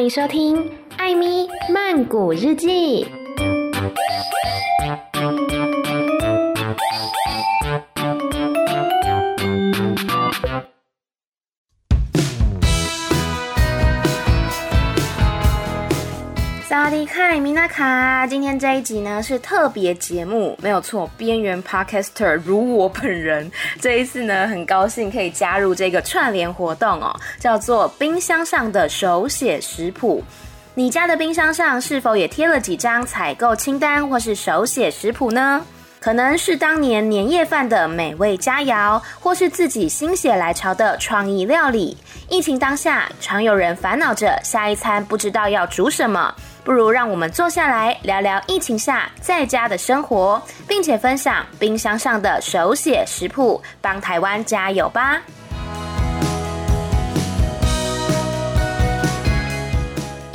歡迎收聽《艾咪曼谷日記》。嗨，米娜卡，今天這一集呢是特別節目，沒有錯，邊緣 Podcaster 如我本人，這一次呢很高興可以加入這個串聯活動哦，叫做冰箱上的手寫食譜。你家的冰箱上是否也貼了幾張採購清單或是手寫食譜呢？可能是當年年夜飯的美味佳肴，或是自己心血來潮的創意料理。疫情當下，常有人煩惱着下一餐不知道要煮什麼。不如讓我們坐下來聊聊疫情下在家的生活，並且分享冰箱上的手寫食譜，幫台灣加油吧！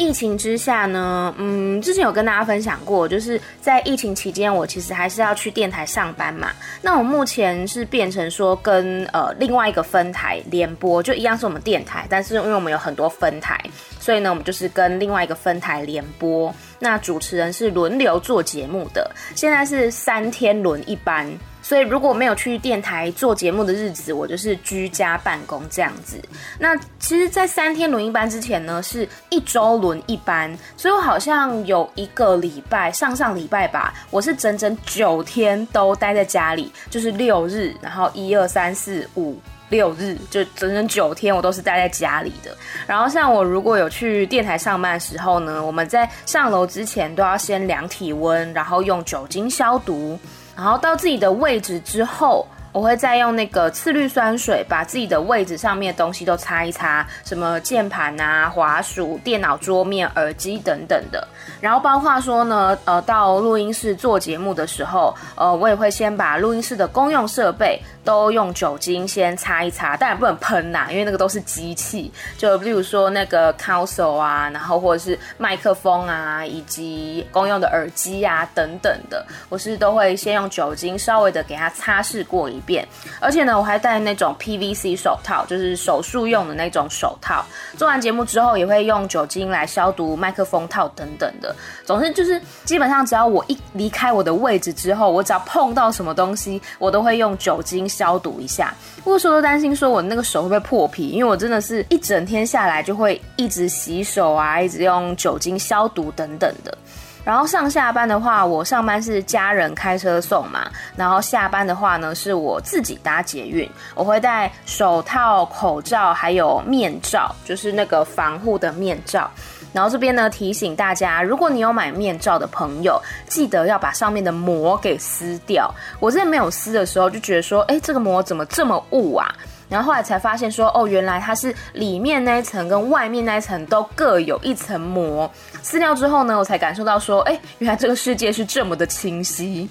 疫情之下呢，嗯，之前有跟大家分享過，就是在疫情期間，我其實還是要去電台上班嘛。那我目前是變成說跟呃另外一個分台聯播，就一樣是我們電台，但是因為我們有很多分台，所以呢，我們就是跟另外一個分台聯播。那主持人是輪流做節目的，現在是三天輪一班。所以，如果沒有去電台做節目的日子，我就是居家辦公這樣子。那其實，在三天輪一班之前呢，是一周輪一班。所以我好像有一個禮拜，上上禮拜吧，我是整整九天都待在家裡，就是六日，然後一二三四五六日，就整整九天，我都是待在家裡的。然後，像我如果有去電台上班的時候呢，我們在上樓之前都要先量體溫，然後用酒精消毒。然後到自己的位置之後，我會再用那個次氯酸水把自己的位置上面的東西都擦一擦，什麼鍵盤啊、滑鼠、電腦桌面、耳機等等的。然後包括說呢，呃，到錄音室做節目的時候，呃，我也會先把錄音室的公用設備。都用酒精先擦一擦，但也不能噴啊，因為那個都是機器，就例如說那個 console 啊，然後或者是麥克風啊，以及公用的耳機啊等等的，我是都會先用酒精稍微的給它擦拭過一遍。而且呢，我還戴那種 PVC 手套，就是手術用的那種手套。做完節目之後，也會用酒精來消毒麥克風套等等的。總之就是，基本上只要我一離開我的位置之後，我只要碰到什麼東西，我都會用酒精，消毒一下，不過說都擔心說我那個手會不會破皮，因為我真的是一整天下來就會一直洗手啊，一直用酒精消毒等等的。然後上下班的話，我上班是家人開車送嘛，然後下班的話呢，是我自己搭捷運，我會戴手套、口罩還有面罩，就是那個防護的面罩。然後這邊呢，提醒大家，如果你有買面罩的朋友，記得要把上面的膜給撕掉。我之前沒有撕的時候，就覺得說，哎，這個膜怎麼這麼霧啊？然後後來才發現說，哦，原來它是裡面那一層跟外面那一層都各有一層膜。撕掉之後呢，我才感受到說，哎，原來這個世界是這麼的清晰。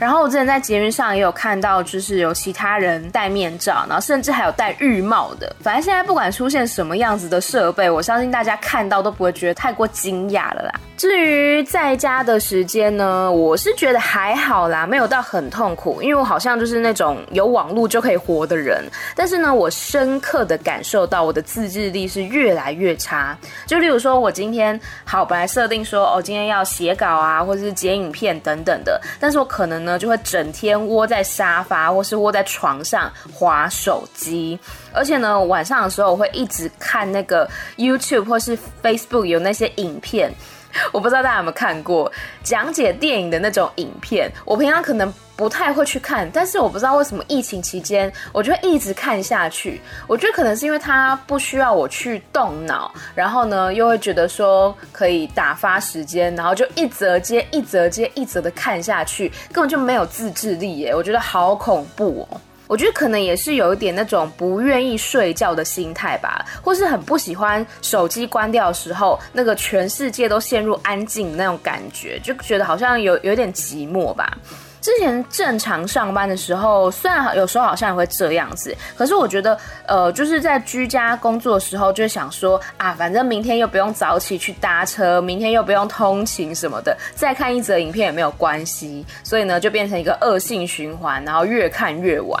然後我之前在捷運上也有看到，就是有其他人戴面罩，然後甚至還有戴浴帽的。反正現在不管出現什麼樣子的設備，我相信大家看到都不會覺得太過驚訝了啦。至於在家的時間呢，我是覺得還好啦，沒有到很痛苦，因為我好像就是那種有網絡就可以活的人。但是呢，我深刻的感受到我的自制力是越來越差。就例如說，我今天好，本來設定說哦，今天要寫稿啊，或者是剪影片等等的，但是我可能呢。就會整天窩在沙發，或是窩在床上滑手機，而且呢，晚上的時候我會一直看那個 YouTube 或是 Facebook 有那些影片。我不知道大家有沒有看過講解電影的那種影片，我平常可能不太會去看，但是我不知道為什麼疫情期間，我就會一直看下去。我覺得可能是因為它不需要我去動腦，然後呢又會覺得說可以打發時間，然後就一則接一則接一則的看下去，根本就沒有自制力耶！我覺得好恐怖哦。我覺得可能也是有一點那種不願意睡覺的心態吧，或是很不喜歡手機關掉的時候，那個全世界都陷入安靜的那種感覺，就覺得好像有有點寂寞吧。之前正常上班的時候，雖然有時候好像也會這樣子，可是我覺得，呃，就是在居家工作的時候，就想說啊，反正明天又不用早起去搭車，明天又不用通勤什麼的，再看一則影片也沒有關係，所以呢，就變成一個惡性循環，然後越看越晚。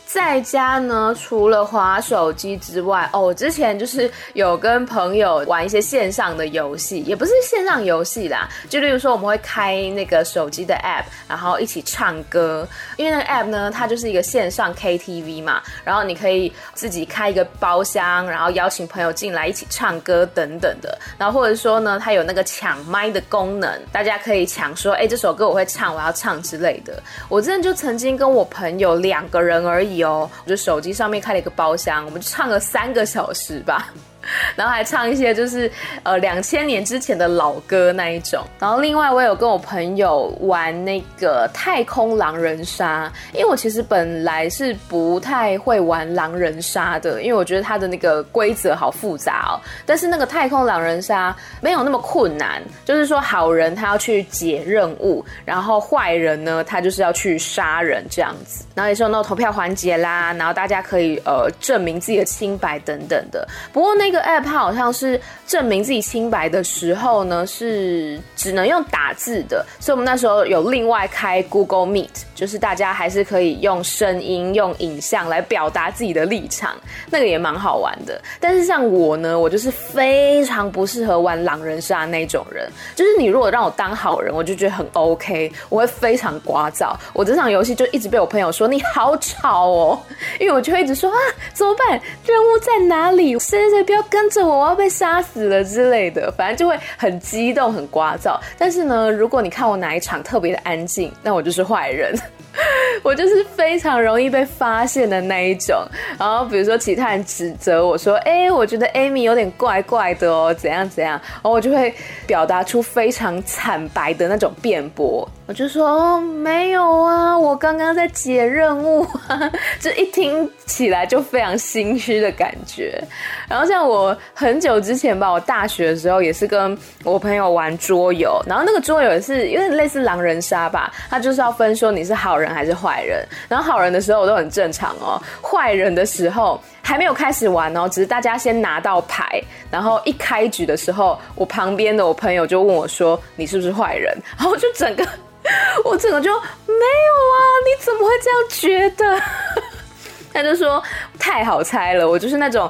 在家呢，除了滑手機之外，哦，我之前就是有跟朋友玩一些線上的遊戲，也不是線上遊戲啦，就例如說我們會開那個手機的 app，然後一起唱歌，因為那個 app 呢，它就是一個線上 KTV 嘛，然後你可以自己開一個包廂，然後邀請朋友進來一起唱歌等等的，然後或者說呢，它有那個搶麥的功能，大家可以搶說，哎、欸，這首歌我會唱，我要唱之類的。我之前就曾經跟我朋友兩個人而已。我就手機上面開了一個包廂，我們就唱了三個小時吧。然後還唱一些就是呃、兩千年之前的老歌那一種，然後另外我也有跟我朋友玩那個太空狼人殺，因為我其實本來是不太會玩狼人殺的，因為我覺得它的那個規則好複雜哦。但是那個太空狼人殺沒有那麼困難，就是說好人他要去解任務，然後壞人呢他就是要去殺人這樣子，然後也是有那種投票環節啦，然後大家可以呃、證明自己的清白等等的。不過那個。App 好像是證明自己清白的時候呢，是只能用打字的，所以我們那時候有另外開 Google Meet，就是大家還是可以用聲音、用影像來表達自己的立場，那個也蠻好玩的。但是像我呢，我就是非常不適合玩狼人殺那種人，就是你如果讓我當好人，我就覺得很 OK，我會非常聒噪，我這場遊戲就一直被我朋友說你好吵哦、喔，因為我就會一直說啊，怎麼辦？任務在哪裡？誰在標？跟着我，我要被殺死了之類的，反正就會很激動、很聒噪。但是呢，如果你看我哪一場特別的安靜，那我就是壞人。我就是非常容易被發現的那一種，然後比如說其他人指責我說：“哎、欸，我覺得 Amy 有點怪怪的哦、喔，怎樣怎樣。”然後我就會表達出非常慘白的那種辯駁，我就說：“哦、喔，沒有啊，我剛剛在解任務、啊。”就一聽起來就非常心虛的感覺。然後像我很久之前吧，我大學的時候也是跟我朋友玩桌遊，然後那個桌遊也是有點類似狼人殺吧，他就是要分說你是好人。人還是壞人，然後好人的時候我都很正常喔，壞人的時候還沒有開始玩喔，只是大家先拿到牌，然後一開局的時候，我旁邊的我朋友就問我說：“你是不是壞人？”然後我就整個我整個就沒有啊，你怎麼會這樣覺得？他就說：“太好猜了，我就是那種。”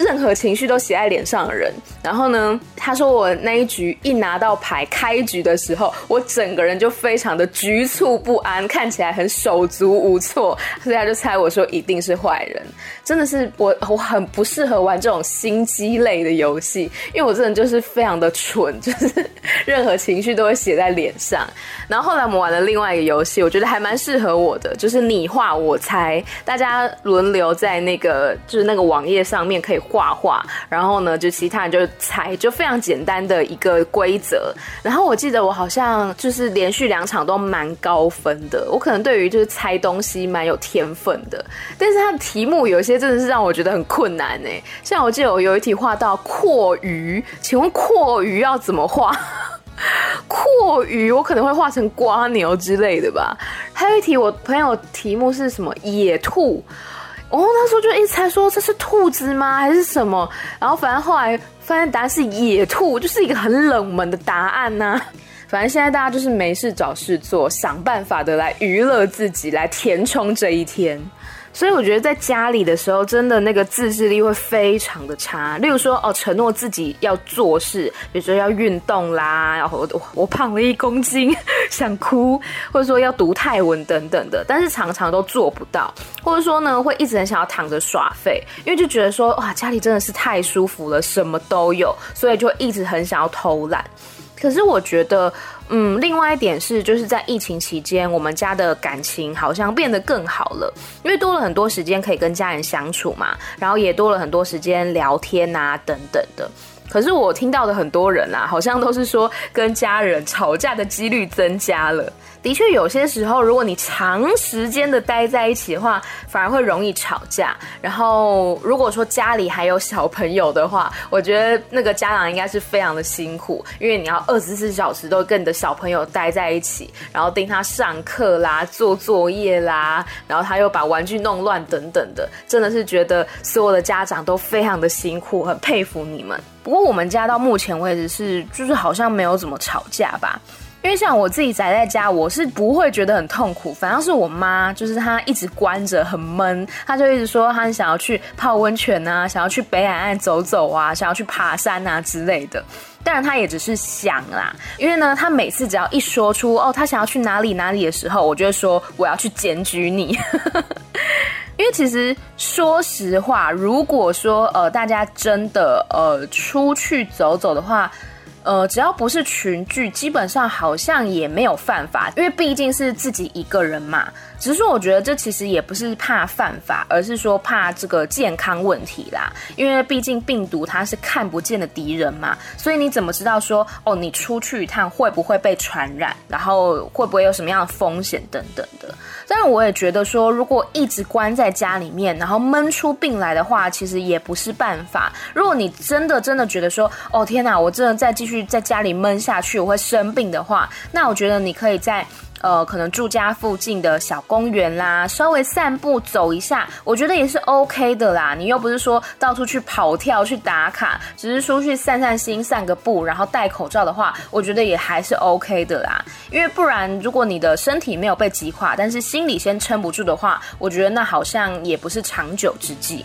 任何情緒都寫在臉上的人，然後呢，他說我那一局一拿到牌，開局的時候，我整個人就非常的局促不安，看起來很手足無措，所以他就猜我說一定是壞人。真的是我，我很不適合玩這種心機類的遊戲，因為我真的就是非常的蠢，就是任何情緒都會寫在臉上。然後後來我們玩了另外一個遊戲，我覺得還蠻適合我的，就是你畫我猜，大家輪流在那個就是那個網頁上面可以畫。畫畫，然後呢，就其他人就猜，就非常簡單的一個規則。然後我記得我好像就是連續兩場都蠻高分的，我可能對於就是猜東西蠻有天分的。但是它的題目有些真的是讓我覺得很困難呢、欸。像我記得我有一題畫到闊魚，請問闊魚要怎麼畫？闊 魚我可能會畫成蝸牛之類的吧。還有一題我朋友題目是什麼野兔。哦，那時候就一直猜說這是兔子嗎，還是什麼？然後反正後來發現答案是野兔，就是一個很冷門的答案吶、啊。反正現在大家就是沒事找事做，想辦法的來娛樂自己，來填充這一天。所以我覺得在家裡的時候，真的那個自制力會非常的差。例如說，哦，承諾自己要做事，比如說要運動啦，然後我胖了一公斤，想哭，或者說要讀泰文等等的，但是常常都做不到，或者說呢，會一直很想要躺着耍廢，因為就覺得說，哇，家裡真的是太舒服了，什麼都有，所以就一直很想要偷懶。可是我覺得。嗯，另外一點是，就是在疫情期間，我們家的感情好像變得更好了，因為多了很多時間可以跟家人相處嘛，然後也多了很多時間聊天吶、啊、等等的。可是我聽到的很多人啊，好像都是說跟家人吵架的幾率增加了。的確，有些時候，如果你長時間的待在一起的話，反而會容易吵架。然後，如果說家裡還有小朋友的話，我覺得那個家長應該是非常的辛苦，因為你要二十四小時都跟你的小朋友待在一起，然後盯他上課啦、做作業啦，然後他又把玩具弄亂等等的，真的是覺得所有的家長都非常的辛苦，很佩服你們。不過，我們家到目前為止是就是好像沒有怎麼吵架吧。因為像我自己宅在家，我是不會覺得很痛苦。反正是我媽，就是她一直關着很悶，她就一直說她想要去泡溫泉啊，想要去北海岸走走啊，想要去爬山啊之類的。當然，她也只是想啦。因為呢，她每次只要一說出哦，她想要去哪裡哪裡的時候，我就會說我要去檢舉你。 因為其實說實話，如果說呃大家真的呃出去走走的話。呃，只要不是群聚，基本上好像也沒有犯法，因為畢竟是自己一個人嘛。只是說，我覺得這其實也不是怕犯法，而是說怕這個健康問題啦。因為畢竟病毒它是看不見的敵人嘛，所以你怎麼知道說哦，你出去一趟會不會被傳染，然後會不會有什麼樣的風險等等的。但我也覺得說，如果一直關在家裡面，然後悶出病來的話，其實也不是辦法。如果你真的真的覺得說，哦天哪，我真的再繼續在家裡悶下去，我會生病的話，那我覺得你可以在。呃，可能住家附近的小公園啦，稍微散步走一下，我覺得也是 OK 的啦。你又不是說到處去跑跳，去打卡，只是出去散散心、散個步，然後戴口罩的話，我覺得也還是 OK 的啦。因為不然，如果你的身體沒有被擊垮，但是心裡先撐不住的話，我覺得那好像也不是長久之計。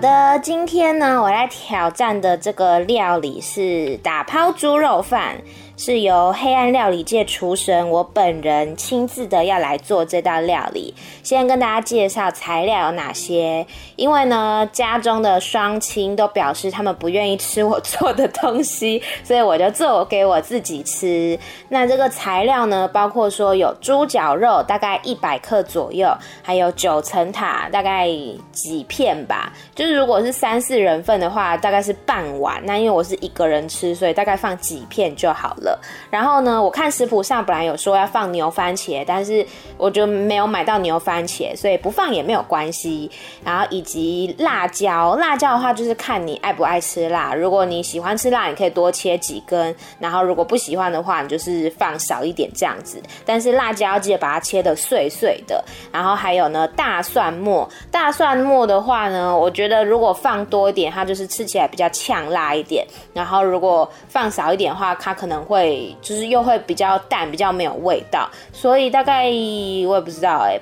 好的，今天呢，我來挑戰的這個料理是打拋豬肉飯。是由黑暗料理界廚神我本人親自的要來做這道料理，先跟大家介紹材料有哪些。因為呢，家中的雙親都表示他們不願意吃我做的東西，所以我就做我給我自己吃。那這個材料呢，包括說有豬腳肉大概一百克左右，還有九層塔大概幾片吧。就是如果是三四人份的話，大概是半碗。那因為我是一個人吃，所以大概放幾片就好了。然後呢，我看食譜上本來有說要放牛番茄，但是我就沒有買到牛番茄，所以不放也沒有關係。然後以及辣椒，辣椒的話就是看你愛不愛吃辣，如果你喜歡吃辣，你可以多切幾根；然後如果不喜歡的話，你就是放少一點這樣子。但是辣椒要記得把它切得碎碎的。然後還有呢，大蒜末，大蒜末的話呢，我覺得如果放多一點，它就是吃起來比較嗆辣一點；然後如果放少一點的話，它可能會。會就是又會比較淡，比較沒有味道，所以大概我也不知道哎、欸，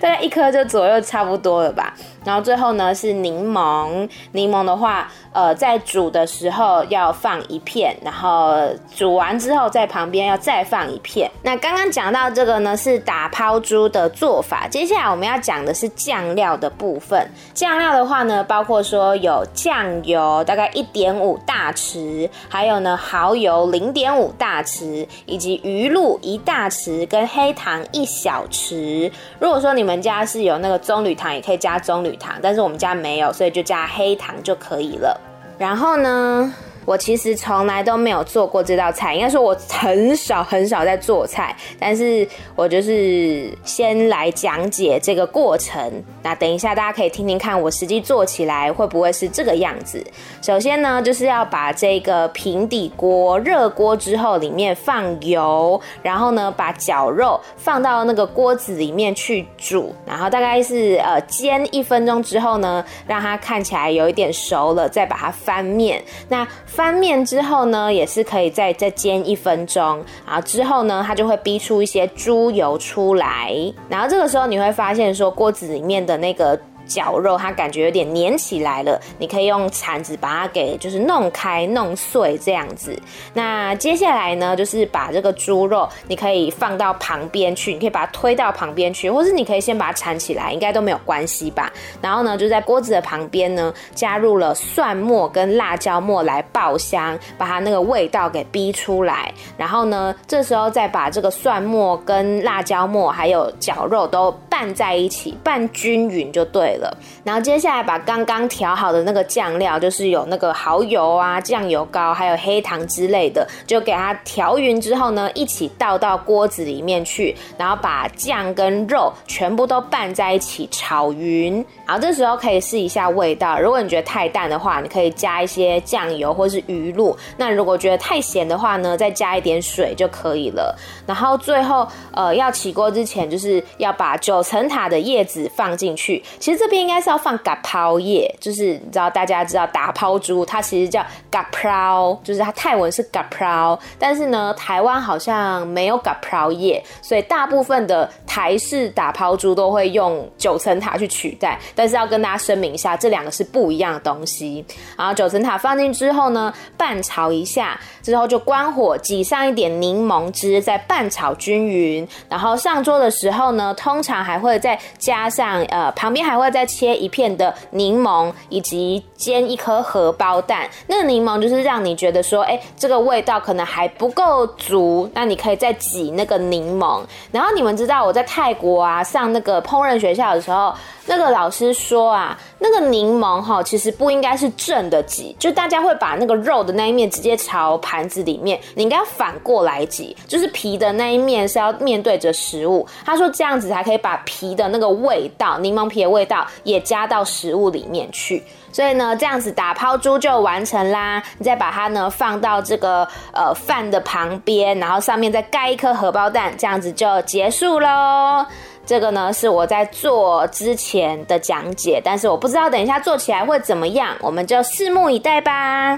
大概一顆就左右差不多了吧。然後最後呢是檸檬，檸檬的話，呃，在煮的時候要放一片，然後煮完之後在旁邊要再放一片。那剛剛講到這個呢是打拋豬的做法，接下來我們要講的是醬料的部分。醬料的話呢，包括說有醬油大概一點五大匙，還有呢蠔油零點五。大匙，以及魚露一大匙，跟黑糖一小匙。如果說你們家是有那個棕櫚糖，也可以加棕櫚糖，但是我們家沒有，所以就加黑糖就可以了。然後呢，我其實從來都沒有做過這道菜，應該說我很少很少在做菜，但是我就是先來講解這個過程。那等一下大家可以聽聽看，我實際做起來會不會是這個樣子？首先呢，就是要把這個平底鍋熱鍋之後，裡面放油，然後呢，把絞肉放到那個鍋子裡面去煮，然後大概是呃煎一分鐘之後呢，讓它看起來有一點熟了，再把它翻面。那翻面之後呢，也是可以再再煎一分鐘啊，然後之後呢，它就會逼出一些豬油出來，然後這個時候你會發現說鍋子裡面的那個。絞肉它感覺有點粘起來了，你可以用鏟子把它給就是弄開弄碎這樣子。那接下來呢，就是把這個豬肉，你可以放到旁邊去，你可以把它推到旁邊去，或是你可以先把它鏟起來，應該都沒有關係吧。然後呢，就在鍋子的旁邊呢，加入了蒜末跟辣椒末來爆香，把它那個味道給逼出來。然後呢，這時候再把這個蒜末跟辣椒末還有絞肉都拌在一起，拌均勻就對了。然後接下來把剛剛調好的那個醬料，就是有那個蠔油啊、醬油膏，還有黑糖之類的，就給它調勻之後呢，一起倒到鍋子裡面去，然後把醬跟肉全部都拌在一起炒勻。然後這時候可以試一下味道，如果你覺得太淡的話，你可以加一些醬油或是魚露；那如果覺得太鹹的話呢，再加一點水就可以了。然後最後，呃，要起鍋之前，就是要把九層塔的葉子放進去。其實這。這邊應該是要放嘎拋葉，就是你知道，大家知道打拋豬，它其實叫嘎拋，就是它泰文是嘎拋，但是呢，台灣好像沒有嘎拋葉，所以大部分的台式打拋豬都會用九層塔去取代。但是要跟大家聲明一下，這兩個是不一樣的東西。然後九層塔放進之後呢，拌炒一下，之後就關火，擠上一點檸檬汁，再拌炒均勻。然後上桌的時候呢，通常還會再加上，呃，旁邊還會再。再切一片的檸檬，以及煎一顆荷包蛋。那個檸檬就是讓你覺得說，欸，這個味道可能還不夠足，那你可以再擠那個檸檬。然後你們知道我在泰國啊，上那個烹飪學校的時候，那個老師說啊。那個檸檬齁，其實不應該是正的擠，就大家會把那個肉的那一面直接朝盤子裡面，你應該要反過來擠，就是皮的那一面是要面對着食物。他說這樣子才可以把皮的那個味道，檸檬皮的味道也加到食物裡面去。所以呢，這樣子打拋豬就完成啦。你再把它呢放到這個呃飯的旁邊，然後上面再蓋一顆荷包蛋，這樣子就結束嘍。這個呢是我在做之前的講解，但是我不知道等一下做起來會怎麼樣，我們就拭目以待吧。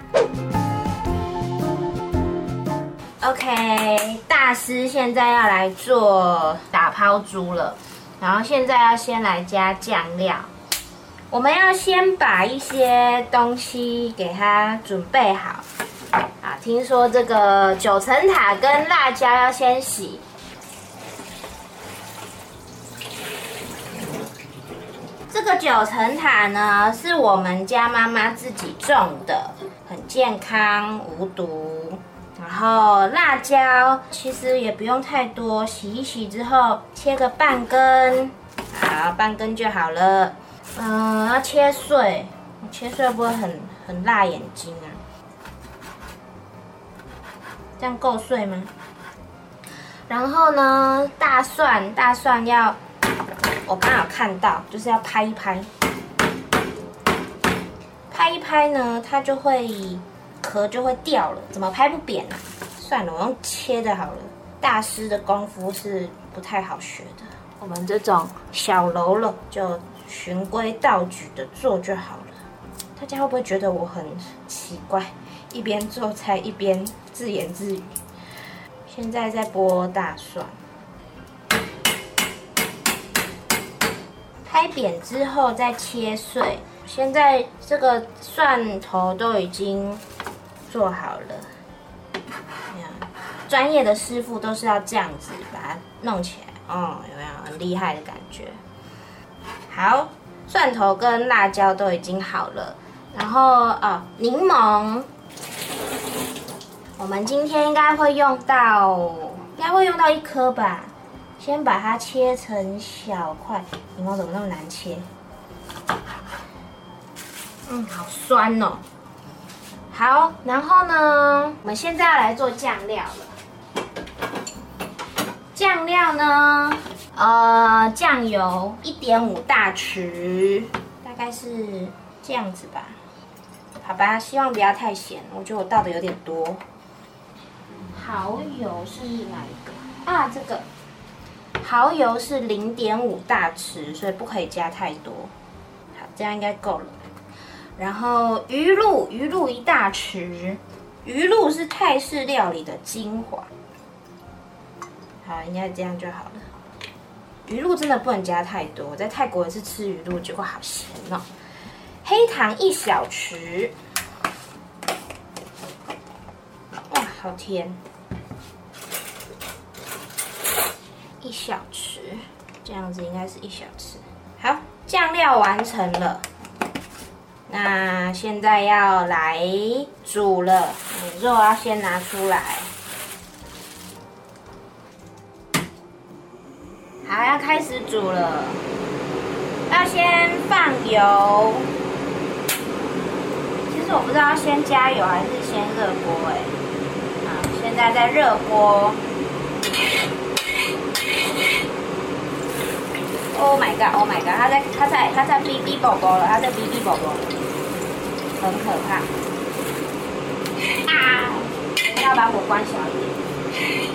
OK，大師現在要來做打拋豬了，然後現在要先來加醬料。我們要先把一些東西給它準備好。啊，聽說這個九層塔跟辣椒要先洗。這個九層塔呢，是我們家媽媽自己種的，很健康無毒。然後辣椒其實也不用太多，洗一洗之後切個半根，好，半根就好了。嗯，要切碎，切碎不會很很辣眼睛啊。這樣夠碎嗎？然後呢，大蒜，大蒜要。我剛好看到，就是要拍一拍，拍一拍呢，它就會殼就會掉了，怎麼拍不扁呢？啊？算了，我用切的好了。大師的功夫是不太好學的，我們這種小嘍囉就循規蹈矩的做就好了。大家會不會覺得我很奇怪？一邊做菜一邊自言自語。現在在剝大蒜。拍扁之後再切碎。現在這個蒜頭都已經做好了，專業的師傅都是要這樣子把它弄起來，哦，有沒有很厲害的感覺？好，蒜頭跟辣椒都已經好了，然後哦，檸檬，我們今天應該會用到，應該會用到一顆吧。先把它切成小塊，檸檬怎麼那麼難切？嗯，好酸哦、喔。好，然後呢，我們現在要來做醬料了。醬料呢，呃，醬油一點五大匙，大概是這樣子吧。好吧，希望不要太鹹，我覺得我倒的有點多。蠔油是哪一個？啊，這個。蠔油是零點五大匙，所以不可以加太多。好，這樣應該夠了。然後魚露，魚露一大匙，魚露是泰式料理的精華。好，應該這樣就好了。魚露真的不能加太多，在泰國也是吃魚露，結果好鹹哦。黑糖一小匙，哇，好甜。一小匙，這樣子應該是一小匙。好，醬料完成了。那現在要來煮了，肉要先拿出來。好，要開始煮了。要先放油。其實我不知道要先加油還是先熱鍋哎。好，現在在熱鍋。Oh my god, oh my god！他在，他在，他在逼逼寶寶了，他在逼逼寶寶了，很可怕。啊！你要把火關小一點。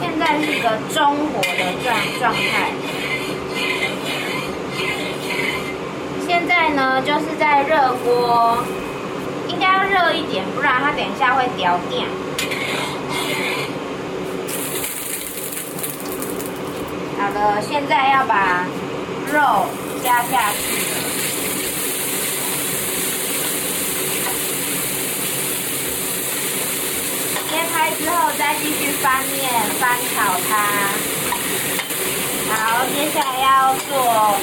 現在是一個中火的狀狀態。現在呢，就是在熱鍋，應該要熱一點，不然它等一下會掉電。呃，現在要把肉加下去了，煎開之後再繼續翻面翻炒它。好，接下來要做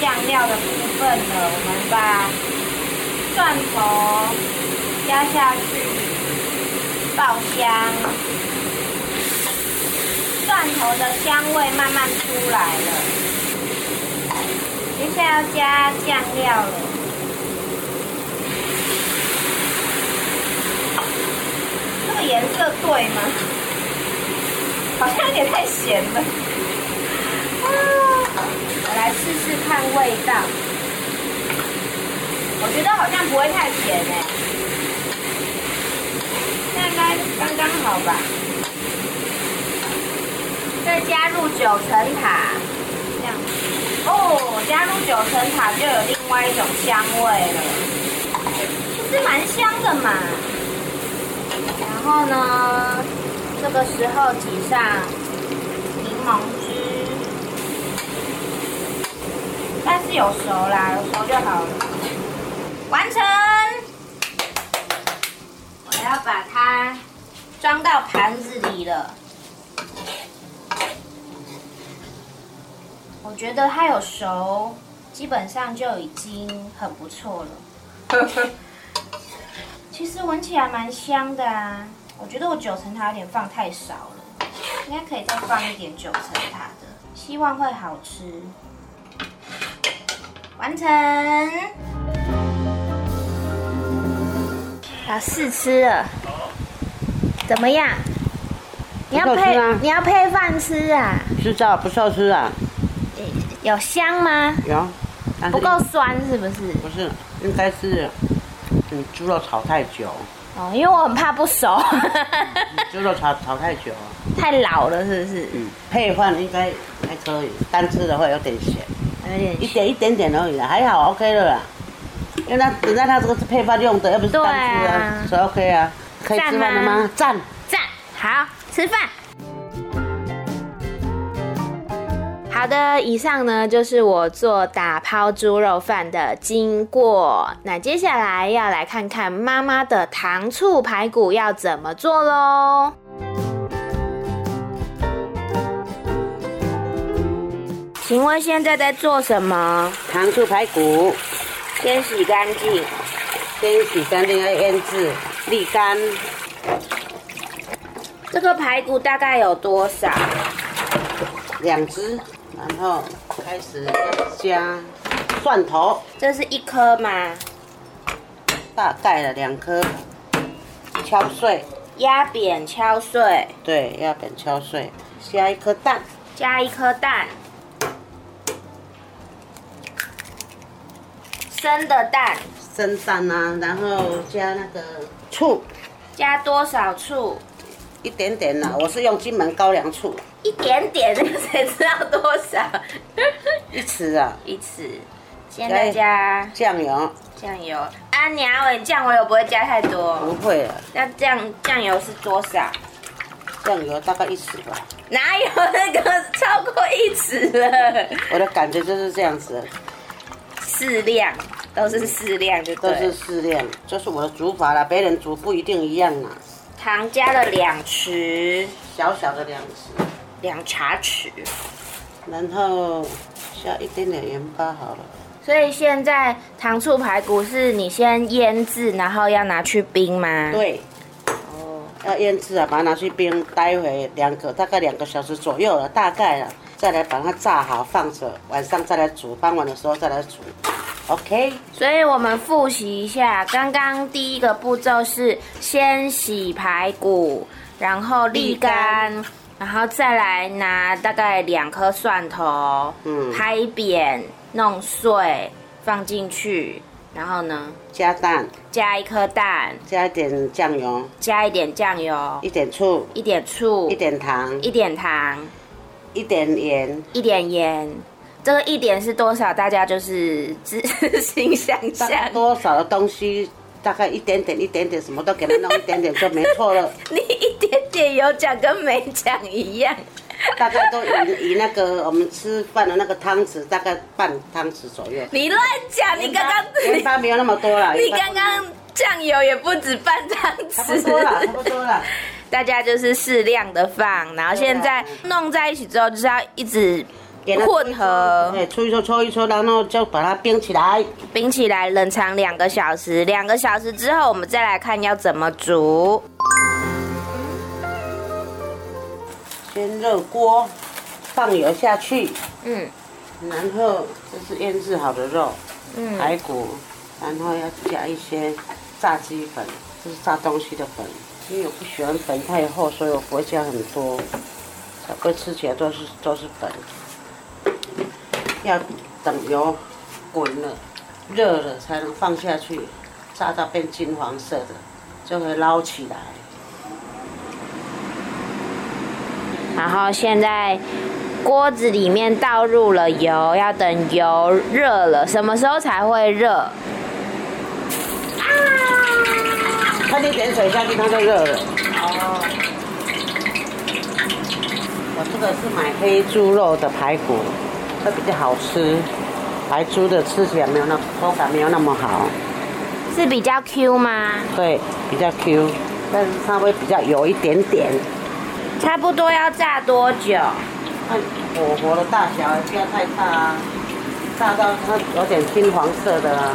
醬料的部分了，我們把蒜頭加下去爆香。蒜頭的香味慢慢出來了來，接下來要加醬料了。這個顏色對嗎？好像有點太鹹了。我來試試看味道，我覺得好像不會太鹹哎，應該剛剛好吧。再加入九層塔，這樣子哦，加入九層塔就有另外一種香味了，其實蠻香的嘛。然後呢，這個時候擠上檸檬汁，但是有熟啦，有熟就好了。完成，我要把它裝到盤子裡了。我覺得它有熟，基本上就已經很不錯了。 其實聞起來蠻香的啊。我覺得我九層塔有點放太少了，應該可以再放一點九層塔的，希望會好吃。完成。要、啊、試吃了，怎麼樣？啊、你要配你要配飯吃啊？是啊，不是吃啊。有香嗎？有，不夠酸是不是？不是，應該是你、嗯、豬肉炒太久。哦，因為我很怕不熟、。 嗯、豬肉炒、炒太久了，太老了是不是？嗯。配飯應該還可以，單吃的話有點鹹，有點鹹，一點一點點而已啦還好 OK 了啦。因為它等下它這個是配飯用的，要不是單吃啊，啊，OK 啊，可以吃飯了嗎？讚讚、啊讚，好吃飯。好的，以上呢就是我做打拋豬肉飯的經過。那接下來要來看看媽媽的糖醋排骨要怎麼做嘍。請問現在在做什麼？糖醋排骨，先洗乾淨，先洗乾淨要醃製，瀝乾。這個排骨大概有多少？兩隻。然後開始要加蒜頭，這是一顆嗎？大概的兩顆，敲碎，壓扁敲碎。對，壓扁敲碎。加一顆蛋，加一顆蛋，生的蛋。生蛋啊，然後加那個醋，加多少醋？一點點呢，我是用金門高粱醋。一點點，誰知道多少？一匙啊。一匙。現在加醬油。醬油。啊，你啊，我醬油我不會加太多。不會啊。那醬醬油是多少？醬油大概一匙吧。哪有那個超過一匙了？我的感覺就是這樣子，適量都是適量就都是適量，這、就是我的煮法啦，別人煮不一定一樣啊。糖加了兩匙，小小的兩匙，兩茶匙，然後加一點點鹽巴好了。所以現在糖醋排骨是你先醃製，然後要拿去冰嗎？對，哦，要醃製啊，把它拿去冰，待會兩個，大概兩個小時左右了，大概了，再來把它炸好，放着，晚上再來煮，傍晚的時候再來煮。OK，所以我們複習一下，剛剛第一個步驟是先洗排骨，然後瀝乾，乾然後再來拿大概兩顆蒜頭，嗯，拍扁，弄碎，放進去，然後呢，加蛋，加一顆蛋，加一點醬油，加一點醬油，一點醋，一點醋，一點糖，一點糖，一點鹽，一點鹽。這個一點是多少？大家就是自行想象。多少的東西，大概一點點、一點點，什麼都給他弄一點點， 就沒錯了。你一點點有講跟沒講一樣。大概都以以那個我們吃飯的那個湯匙，大概半湯匙左右。你亂講！你剛剛一般沒有那麼多了。你剛剛醬油也不止半湯匙。差不多了，差不多了。大家就是適量的放，然後現在弄在一起之後，就是要一直。混合，哎，搓一搓，搓一搓，然後就把它冰起來，冰起來，冷藏兩個小時。兩個小時之後，我們再來看要怎麼煮。先熱鍋，放油下去，嗯，然後這是醃制好的肉，嗯，排骨，然後要加一些炸雞粉，這是炸東西的粉，因為我不喜歡粉太厚，所以我不會加很多，否則吃起來都是都是粉。要等油滾了、熱了才能放下去，炸到變金黃色的，就會撈起來。然後現在鍋子裡面倒入了油，要等油熱了，什麼時候才會熱？啊！噴一點水下去，它就熱了。哦。我這個是買黑豬肉的排骨。它比較好吃，白豬的吃起來沒有那口感，沒有那麼好。是比較 Q 嗎？對，比較 Q，但是稍微比較有一點點。差不多要炸多久？看火候的大小，也不要太差啊。炸到它有點金黃色的啦、啊。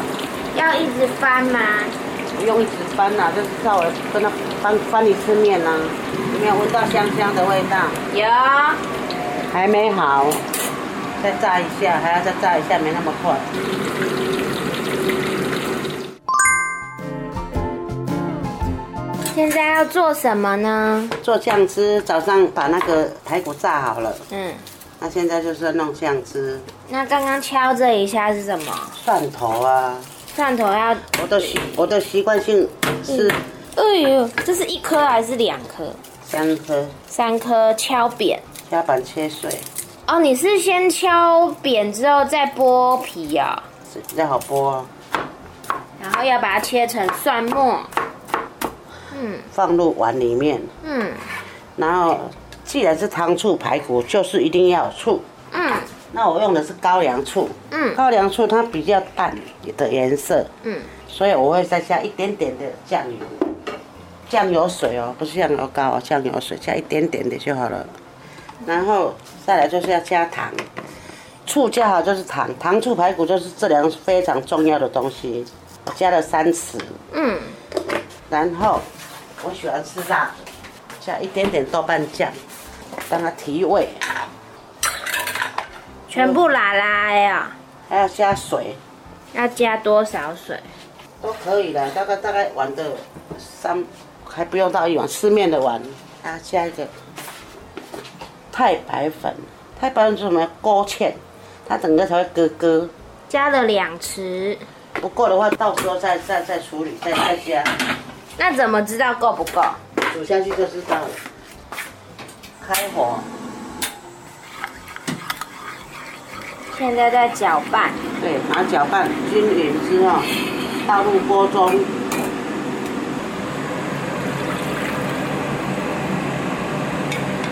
要一直翻嗎？不用一直翻啦、啊，就是、稍微跟它翻翻一次面啦、啊。有沒有聞到香香的味道？有。還沒好。再炸一下，還要再炸一下，沒那麼快。現在要做什麼呢？做醬汁。早上把那個排骨炸好了。嗯。那現在就是要弄醬汁。那剛剛敲這一下是什麼？蒜頭啊。蒜頭要。我的習我的習慣性是。嗯。哎呦，這是一顆還是兩顆？三顆。三顆敲扁，敲扁切碎。哦，你是先敲扁之後再剝皮呀？哦。是，比較好剝啊。哦，然後要把它切成蒜末，嗯，放入碗裡面，嗯。然後既然是糖醋排骨，就是一定要有醋，嗯。那我用的是高粱醋，嗯，高粱醋它比較淡的顏色，嗯，所以我會再加一點點的醬油，醬油水哦，不是醬油膏哦，醬油水加一點點的就好了。然後再來就是要加糖，醋加好就是糖，糖醋排骨就是這兩個非常重要的東西，加了三匙，嗯，然後我喜歡吃辣，加一點點豆瓣醬，讓它提味，全部拿啦呀，還要加水，要加多少水？都可以啦，大概大概碗的三，還不用到一碗，吃麵的碗，啊，加一個。太白粉，太白粉是什麼勾芡，它整個才會咯咯。加了兩匙，不夠的話，到時候再再再處理，再再加。那怎麼知道夠不夠？煮下去就知道了。開火，現在在攪拌。對，把它攪拌均勻之後，倒入鍋中。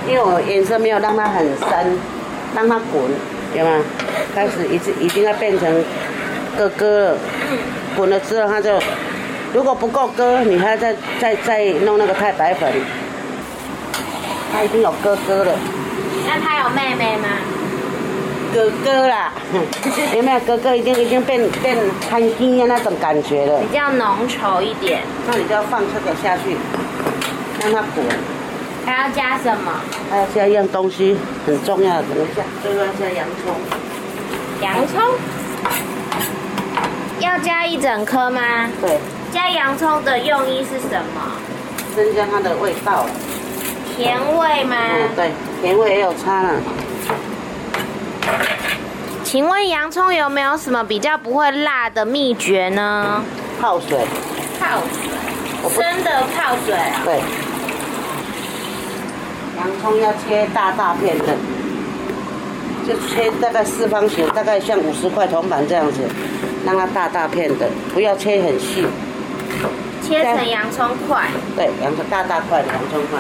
因為我顏色沒有讓它很深，讓它滾，有嗎？開始已經已經要變成哥哥了。滾了之後它就，如果不夠哥，你還要再再再弄那個太白粉。它已經有哥哥了。那它有妹妹嗎？哥哥啦，有沒有？哥哥已經已經變變罕見的那種感覺了。比較濃稠一點。那你就要放這個下去，讓它滾。還要加什麼？還要加一樣東西，很重要的。等一下，這個要加洋蔥。洋蔥？嗯，要加一整顆嗎？對。加洋蔥的用意是什麼？增加它的味道。甜味嗎？嗯，對，甜味也有差了。請問洋蔥有沒有什麼比較不會辣的秘訣呢？嗯，泡水。泡水。泡水。我不…真的泡水啊？對。洋蔥要切大大片的，就切大概四方形，大概像五十塊銅板這樣子，讓它大大片的，不要切很細。切成洋蔥塊。對，大大洋蔥大大塊的洋蔥塊。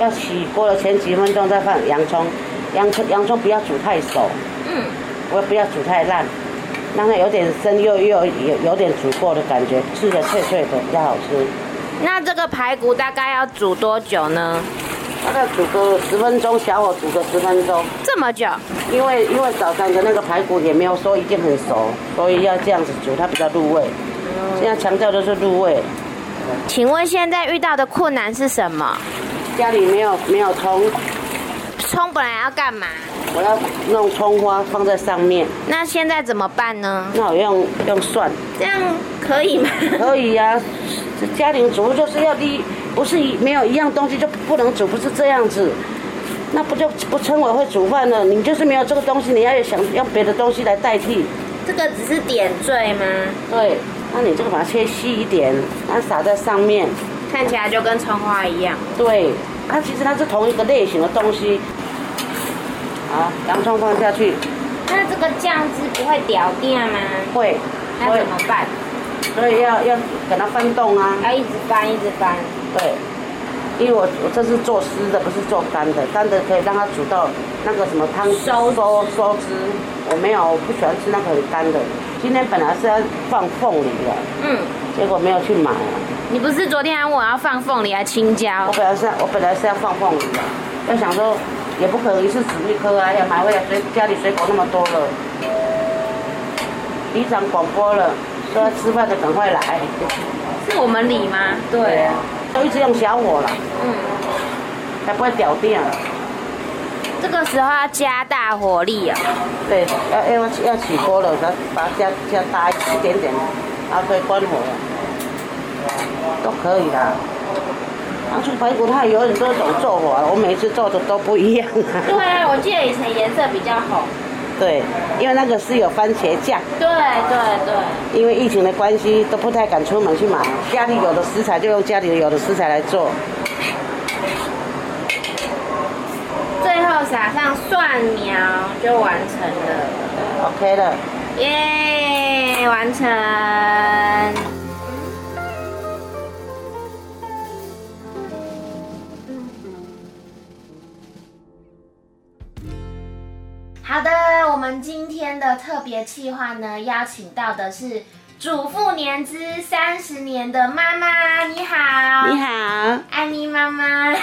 要起鍋了前幾分鐘再放洋蔥，洋蔥洋蔥不要煮太熟。嗯。我也不要煮太爛，讓它有點生又又有有點煮過的感覺，吃的脆脆的，比較好吃。那這個排骨大概要煮多久呢？大概煮個十分鐘，小火煮個十分鐘。這麼久？因為因為早上的那個排骨也沒有說一定很熟，所以要這樣子煮，它比較入味。嗯、現在強調的是入味。嗯、請問現在遇到的困難是什麼？家裡沒有沒有蔥。蔥本來要幹嘛？我要弄蔥花放在上面。那現在怎麼辦呢？那我用用蒜，這樣可以嗎？可以呀、啊。家庭主婦就是要一，不是一沒有一樣東西就不能煮，不是這樣子，那不就不稱為會煮飯了？你就是沒有這個東西，你要想用別的東西來代替。這個只是點綴嗎？對，那你這個把它切細一點，然後撒在上面，看起來就跟蔥花一樣。對，它其實它是同一個類型的東西。好，洋蔥放下去。那這個醬汁不會掉掉嗎？會。那怎麼辦？所以要要給它翻動啊！要一直翻，一直翻。對，因為我我這是做濕的，不是做乾的。乾的可以讓它煮到那個什麼湯收收收汁。我沒有，我不喜歡吃那個很乾的。今天本來是要放鳳梨的，嗯，結果沒有去買。你不是昨天問我要放鳳梨啊？青椒。我本來是，我本來是要，我本來是要放鳳梨的，要想說也不可能一次煮一顆啊，要買回來，水家裡水果那麼多了。里長廣播了。說要吃飯就趕快來！是我們理嗎？對啊，都一直用小火了，嗯，才不會掉底、啊。這個時候要加大火力啊、喔！對，要要要起鍋了，把它加加大一點點，然後可以關火了，都可以啦、啊。糖醋排骨它有很多種做法，我每次做的都不一樣。對啊，對，我記得以前顏色比較好。對，因為那個是有番茄醬。對對對。對對，因為疫情的關係，都不太敢出門去買，家裡有的食材就用家裡有的食材來做。最後撒上蒜苗就完成了。OK 了，耶，yeah，完成。好的，我們今天的特別企劃呢，邀請到的是主婦年資三十年的媽媽，你好，你好，艾咪媽媽，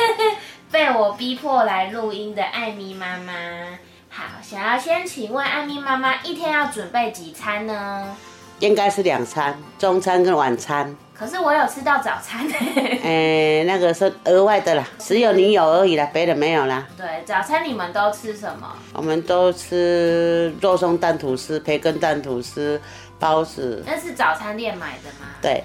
被我逼迫來錄音的艾咪媽媽，好，想要先請問艾咪媽媽，一天要準備幾餐呢？應該是兩餐，中餐跟晚餐。可是我有吃到早餐誒，哎，那個是額外的啦，只有你有而已啦，別的沒有啦。對，早餐你們都吃什麼？我們都吃肉鬆蛋吐司、培根蛋吐司、包子。那是早餐店買的嗎？對。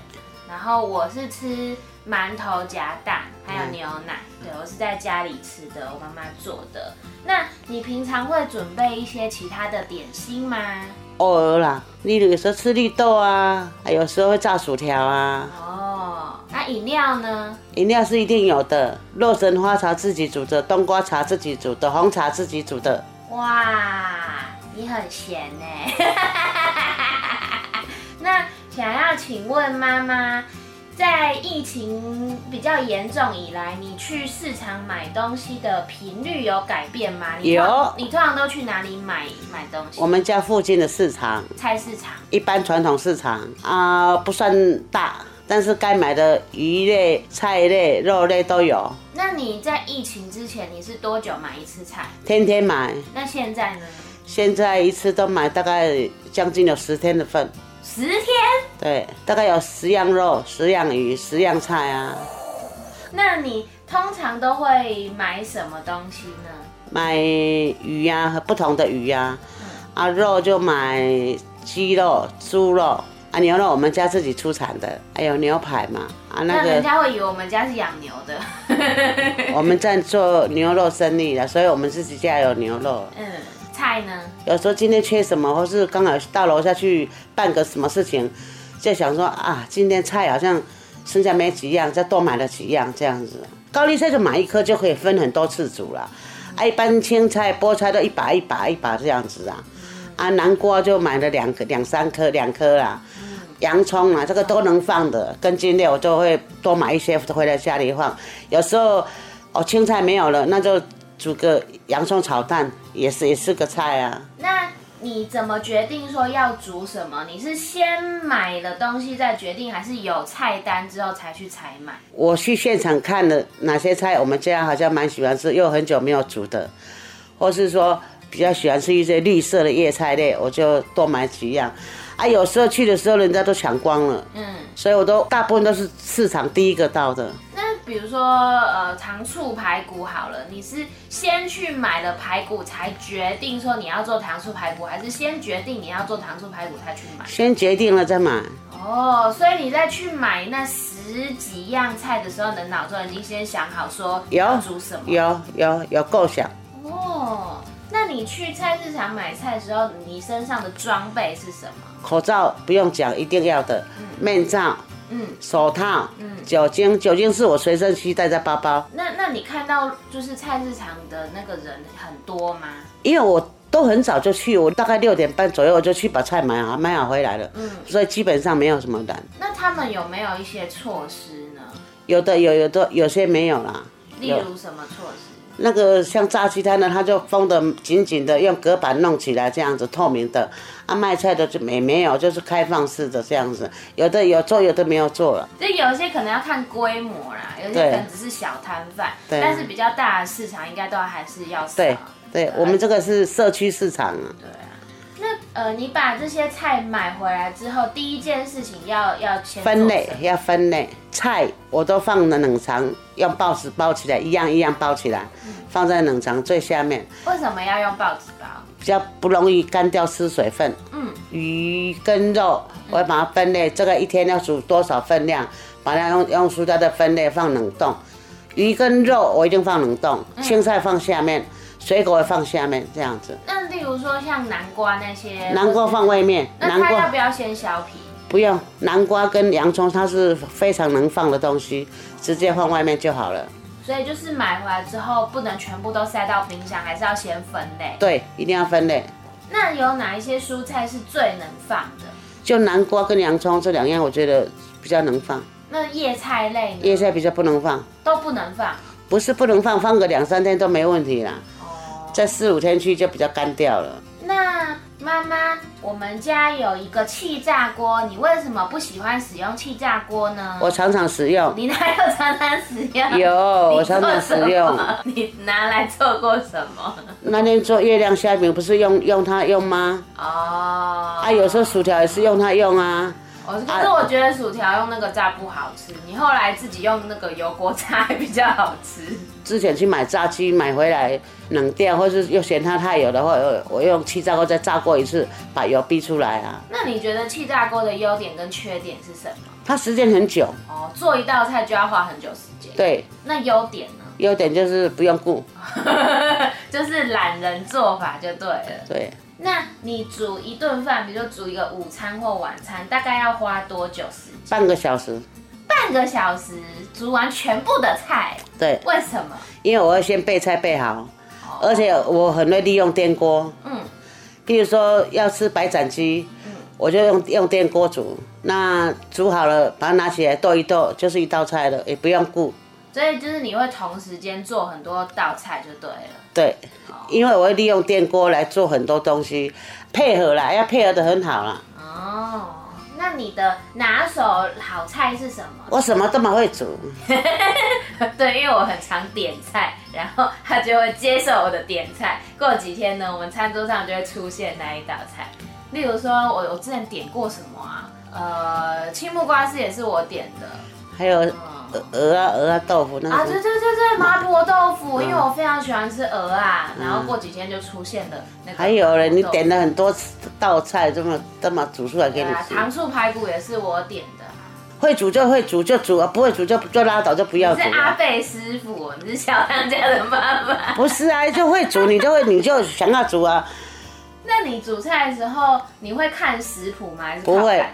然後我是吃。饅頭夾蛋，還有牛奶，嗯、對，我是在家裡吃的，我媽媽做的。那你平常會準備一些其他的點心嗎？偶爾、哦、啦，例如有時候吃綠豆啊，還有時候會炸薯條啊。哦，那飲料呢？飲料是一定有的，洛神花茶自己煮的，冬瓜茶自己煮的，紅茶自己煮的。哇，你很閒呢、欸！ 那想要請問媽媽？疫情比較嚴重以來，你去市場買東西的頻率有改變嗎？有。你通常都去哪裡買買東西？我們家附近的市場，菜市場，一般傳統市場啊、呃，不算大，但是該買的魚類、菜類、肉類都有。那你在疫情之前，你是多久買一次菜？天天買。那現在呢？現在一次都買大概將近有十天的份。十天，對，大概有十樣肉，十樣魚，十樣菜啊。那你通常都會買什麼東西呢？買魚呀、啊，和不同的魚呀、啊。啊，肉就買雞肉、豬肉啊，牛肉我們家自己出產的，還、啊、有牛排嘛。啊，那人家會以為我們家是養牛的。 我們在做牛肉生意的，所以我們自己家有牛肉。嗯。菜呢？有時候今天缺什麼，或是剛好到樓下去辦個什麼事情，就想說啊，今天菜好像剩下沒幾樣，再多買了幾樣這樣子。高麗菜就買一顆就可以分很多次煮了，嗯、啊，一般青菜、菠菜都一把一把一把這樣子啊，嗯、啊，南瓜就買了兩兩三顆兩顆啊，嗯、洋蔥啊，這個都能放的。跟今天我就會多買一些都回來家裡放。有時候哦，青菜沒有了，那就。煮個洋蔥炒蛋也是，也是個菜啊。那你怎麼決定說要煮什麼？你是先買了東西再決定，還是有菜單之後才去採買？我去現場看了哪些菜，我們家好像蠻喜歡吃，又很久沒有煮的，或是說比較喜歡吃一些綠色的葉菜類，我就多買幾樣。啊，有時候去的時候人家都搶光了，嗯，所以我都大部分都是市場第一個到的。比如說，呃，糖醋排骨好了，你是先去買了排骨，才決定說你要做糖醋排骨，還是先決定你要做糖醋排骨，才去買？先決定了再買。哦，所以你在去買那十幾樣菜的時候，你的腦中已經先想好說有煮什麼？有有有，有構想。哦，那你去菜市場買菜的時候，你身上的裝備是什麼？口罩不用講，一定要的。面罩。嗯嗯，手套，嗯，酒精，酒精是我隨身攜帶的包包。那，那你看到就是菜市場的那個人很多嗎？因為我都很早就去，我大概六點半左右我就去把菜買好，買好回來了，嗯，所以基本上沒有什麼人。那他們有沒有一些措施呢？有的，有的有的，有些沒有啦，有。例如什麼措施？那個像炸雞攤呢，它就封得緊緊的，用隔板弄起來，這樣子透明的。啊，賣菜的就沒沒有，就是開放式的這樣子。有的有做，有的沒有做了。這有一些可能要看規模啦，有些可能只是小攤販，對對但是比較大的市場應該都還是要。對，對我們這個是社區市場啊。對。是呃，你把這些菜買回來之後，第一件事情要要分類，要分類。菜我都放了冷藏，用報紙包起來，一樣一樣包起來，嗯、放在冷藏最下面。為什麼要用報紙包？比較不容易乾掉濕水分。嗯。魚跟肉，我要把它分類。嗯、這個一天要煮多少份量？把它用用塑膠的分類放冷凍。魚跟肉我一定放冷凍，嗯、青菜放下面。水果放下面這樣子。那例如說像南瓜那些是不是？南瓜放外面。南瓜要不要先削皮？不用，南瓜跟洋蔥它是非常能放的東西，直接放外面就好了。所以就是買回來之後不能全部都塞到冰箱，還是要先分類。對，一定要分類。那有哪一些蔬菜是最能放的？就南瓜跟洋蔥這兩樣，我覺得比較能放。那葉菜類呢？葉菜比較不能放。都不能放？不是不能放，放個兩三天都沒問題啦。在四五天去就比較乾掉了。那媽媽，我們家有一個氣炸鍋，你為什麼不喜歡使用氣炸鍋呢？我常常使用。你哪有常常使用？有，我常常使用。你拿來做過什麼？那天做月亮蝦餅不是用用它用嗎？哦。Oh. 啊，有時候薯條也是用它用啊。可是我覺得薯條用那個炸不好吃，你後來自己用那個油鍋炸還比較好吃。之前去買炸雞，買回來冷掉，或是又嫌它太油的話，我我用氣炸鍋再炸過一次，把油逼出來啊。那你覺得氣炸鍋的優點跟缺點是什麼？它時間很久哦，做一道菜就要花很久時間。對，那優點呢？優點就是不用顧， 就是懶人做法就對了。對。那你煮一頓飯，比如說煮一個午餐或晚餐，大概要花多久時間？半個小時。半個小時，煮完全部的菜。對。為什麼？因為我會先備菜備好，哦、而且我很會利用電鍋。嗯。比如說要吃白斬雞，嗯、我就用用電鍋煮。那煮好了，把它拿起來剁一剁，就是一道菜了，也不用顧。所以就是你會同時間做很多道菜就對了。對，因為我會利用電鍋來做很多東西，配合啦，要配合得很好啦。哦，那你的拿手好菜是什麼？我什麼都會煮。 對，因為我很常點菜，然後他就會接受我的點菜。過幾天呢，我們餐桌上就會出現那一道菜。例如說我我之前點過什麼啊？呃，青木瓜絲也是我點的，還有。嗯鵝啊鵝啊，啊豆腐那個。啊對對對對，麻婆豆腐，因為我非常喜歡吃鵝啊，啊然後過幾天就出現了那個。還有嘞，你點了很多道菜，這麼這麼煮出來給你，啊、糖醋排骨也是我點的，啊。會煮就會煮就煮，啊，不會煮就就拉倒就不要煮，啊。你是阿貝師傅，你是小亮家的媽媽。不是啊，就會煮你就會你就想要煮啊。 那你煮菜的時候，你會看食譜嗎？還是不會。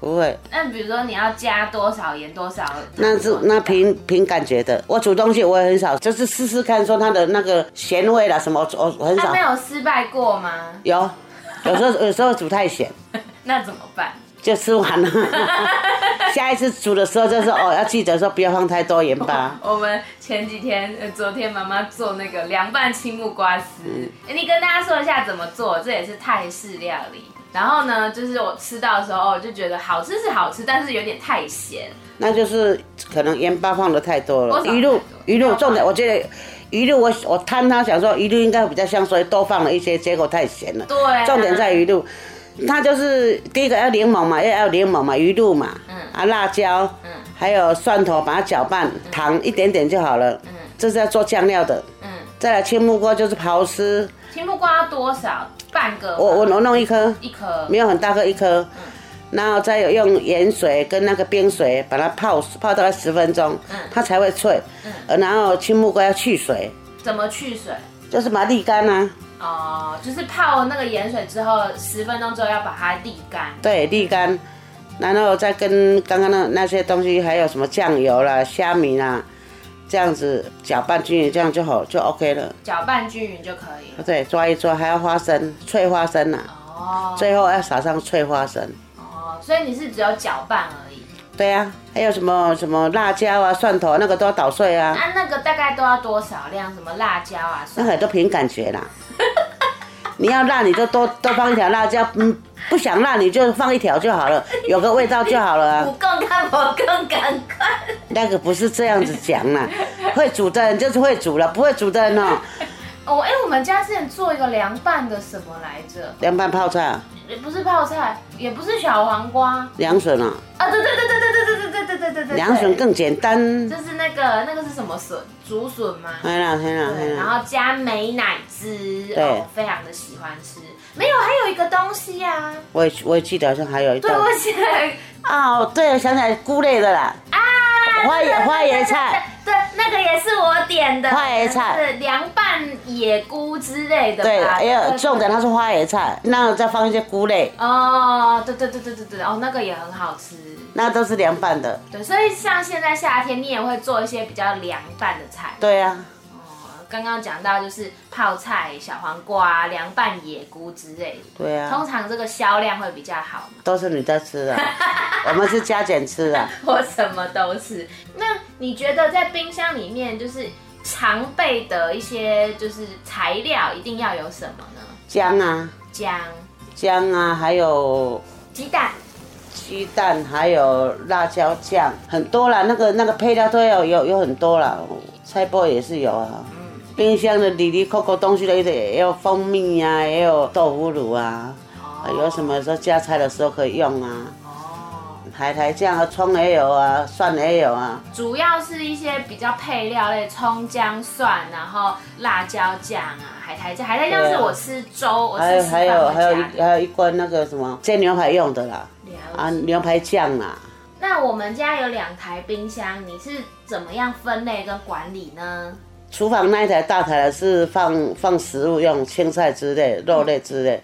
不會，那比如說你要加多少鹽多少，那是那憑憑感覺的。我煮東西我也很少，就是試試看，說它的那個鹹味啦什麼，我我很少。他沒有失敗過嗎？有，有時候 有時候煮太鹹， 那怎麼辦？就吃完了， 下一次煮的時候就是哦，要記得說不要放太多鹽巴、哦。我們前幾天、昨天媽媽做那個涼拌青木瓜絲，哎、嗯欸，你跟大家說一下怎麼做？這也是泰式料理。然後呢，就是我吃到的時候、哦、我就覺得好吃是好吃，但是有點太鹹。那就是可能鹽巴放的太多了。魚露，魚露重點，我覺得魚露我我貪它想說魚露應該會比較香，所以多放了一些，結果太鹹了。對、啊。重點在魚露。它就是第一個要檸檬嘛，要要檸檬嘛，魚露嘛，啊辣椒，還有蒜頭，把它攪拌，糖一點點就好了。嗯，這是要做醬料的。嗯，再來青木瓜就是刨絲。青木瓜多少？半個。我我弄一顆，一顆。沒有很大個，一顆。然後再有用鹽水跟那個冰水把它泡泡大概十分鐘，嗯，它才會脆。嗯。然後青木瓜要去水。怎麼去水？就是把它瀝乾啊。哦，就是泡了那個鹽水之後，十分鐘之後要把它瀝乾。對，瀝乾，然後再跟剛剛那那些東西，還有什麼醬油啦、蝦米啦，這樣子攪拌均勻，這樣就好，就 OK 了。攪拌均勻就可以。對，抓一抓，還要花生，脆花生啦。哦。最後要撒上脆花生。哦，所以你是只有攪拌而已。對啊，還有什麼什麼辣椒啊、蒜頭啊，那個都要搗碎啊。啊，那個大概都要多少量，什麼辣椒啊？蒜那很多憑感覺啦。 你要辣你就多多放一條辣椒，嗯，不想辣你就放一條就好了，有個味道就好了啊。不夠看，我更感看。那個不是這樣子講嘛。 會煮的人就是會煮了，不會煮的人哦。哎，我們家之前做一個涼拌的什麼來着？涼拌泡菜？不是泡菜，也不是小黃瓜，涼筍啊？啊，對對對對對對對對對對對對。涼筍更簡單。就是那個那個是什麼筍？竹筍嗎？對了對了對了。然後加美乃滋對，非常的喜歡吃。沒有，還有一個東西啊。我也我也記得好像還有一個東西。對，我想起來。哦，對，我想起來菇類的啦。花椰花椰菜，對，那個也是我點的。花椰菜是涼拌野菇之類的吧，對，對對也有對重點，它是花椰菜，對那我再放一些菇類。哦，對對對對對對，哦，那個也很好吃。那都是涼拌的。對，所以像現在夏天，你也會做一些比較涼拌的菜。對啊。剛剛講到就是泡菜、小黃瓜、涼拌野菇之類的，對啊，通常這個銷量會比較好。都是你在吃的， 我們是加減吃的。 我什麼都吃。那你覺得在冰箱裡面就是常備的一些就是材料，一定要有什麼呢？薑啊，薑薑，薑啊，還有雞蛋，雞蛋，還有辣椒醬，很多啦。那個那個配料都要有，有，有很多啦、哦、菜脯也是有啊。冰箱的裡裡扣扣東西的，有也有蜂蜜呀、啊，也有豆腐乳啊，哦、啊有什麼有時候加菜的時候可以用啊。哦。海苔醬和蔥也有啊，蒜也有啊。主要是一些比較配料類，蔥、薑、蒜，然後辣椒醬啊，海苔醬。海苔醬，海苔醬是我吃粥。啊、吃吃還有還有還有一罐那個什麼煎牛排用的啦。了解。啊、牛排醬啊。那我們家有兩台冰箱，你是怎麼樣分類跟管理呢？廚房那一台大台的是放放食物用，青菜之類、肉類之類。